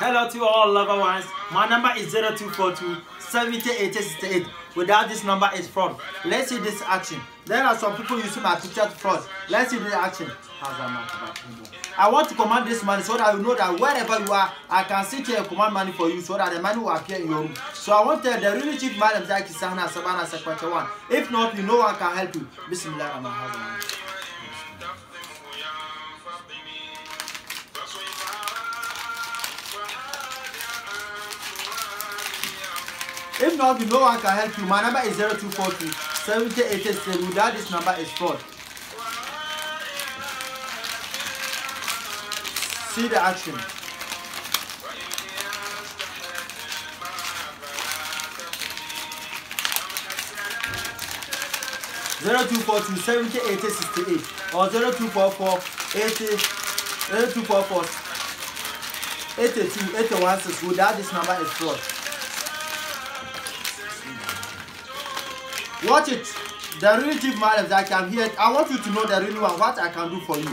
Hello to all lover ones. My number is 0242 708068. Without this number is fraud. Let's see this action. There are some people using my picture to fraud. Let's see this action. I want to command this money so that you know that wherever you are, I can sit here and command money for you so that the money will appear in your room. So I want to tell the really cheap madam that Kisana Sabana Sekwacha one. If not, you know I can help you. Bismillah. If not, no one can help you. My number is 0242 7087. That this number is fraud. See the action. zero two four two seventy eighty sixty eight or zero two four four eighty zero two four four eighty two eighty one six would that this number is fraud. watch it the real chief madam that i'm here i want you to know the real one what i can do for you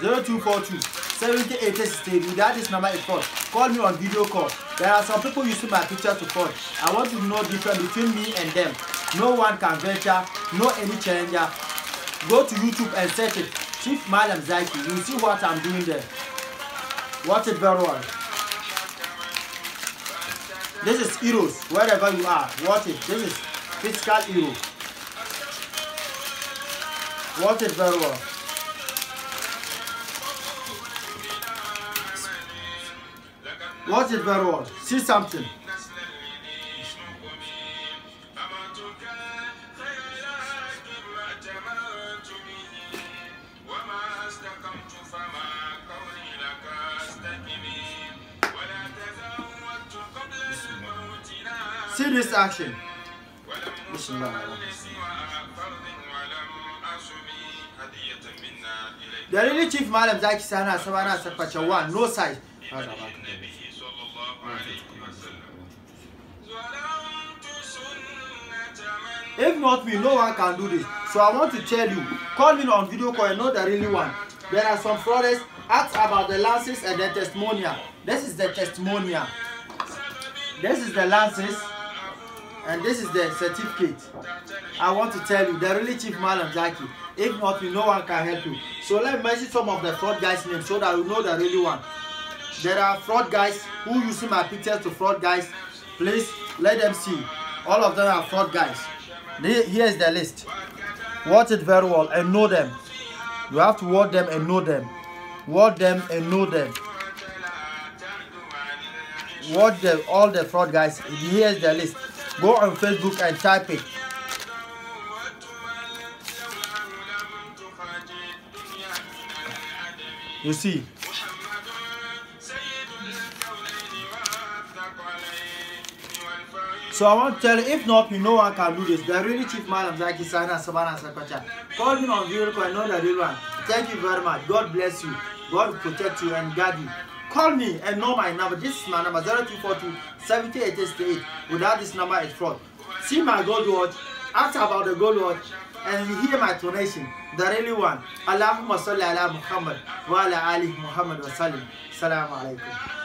zero two four two seventy eighty sixty eight that is number eight four call me on video call there are some people using my picture to fraud i want to know difference between me and them no one can venture no any challenger go to youtube and search it Chief Madam Zaki, you see what I'm doing there. Watch it very well. This is Eros, wherever you are. Watch it. This is fiscal Euro. Watch it very well. Watch it very well. See something. Serious action. The really chief Malam Zaki Sana Savana Sakpacha one, no size. If not me, no one can do this. So I want to tell you, call me on video call and know the really one. There are some fraudsters ask about the lances and the testimonial. This is the testimonial. This is the lances. and this is the certificate i want to tell you the really chief malam jackie if not you no one can help you so let me mention some of the fraud guys names so that you know the really one there are fraud guys who using my pictures to fraud guys please let them see all of them are fraud guys here is the list watch it very well and know them you have to watch them and know them watch them and know them watch all the fraud guys here's the list Go on Facebook and type it. You see? So I wan tell you, if not, you know one can do this. The really cheap man of Zaki Sana Sabana Sakacha. Call me on video, I know the real one. Thank you very much. God bless you. God protect you and guard you. Call me and know my number. This is my number 0242 7088. Without this number, it's fraud. See my gold watch, ask about the gold watch, and hear my donation. The really one. Allahumma salli ala Muhammad wa ala ali Muhammad wa sallim. Salaam alaikum.